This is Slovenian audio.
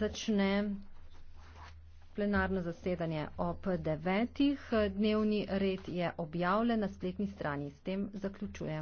začne plenarno zasedanje ob devetih. Dnevni red je objavljen na spletni strani. S tem zaključujem.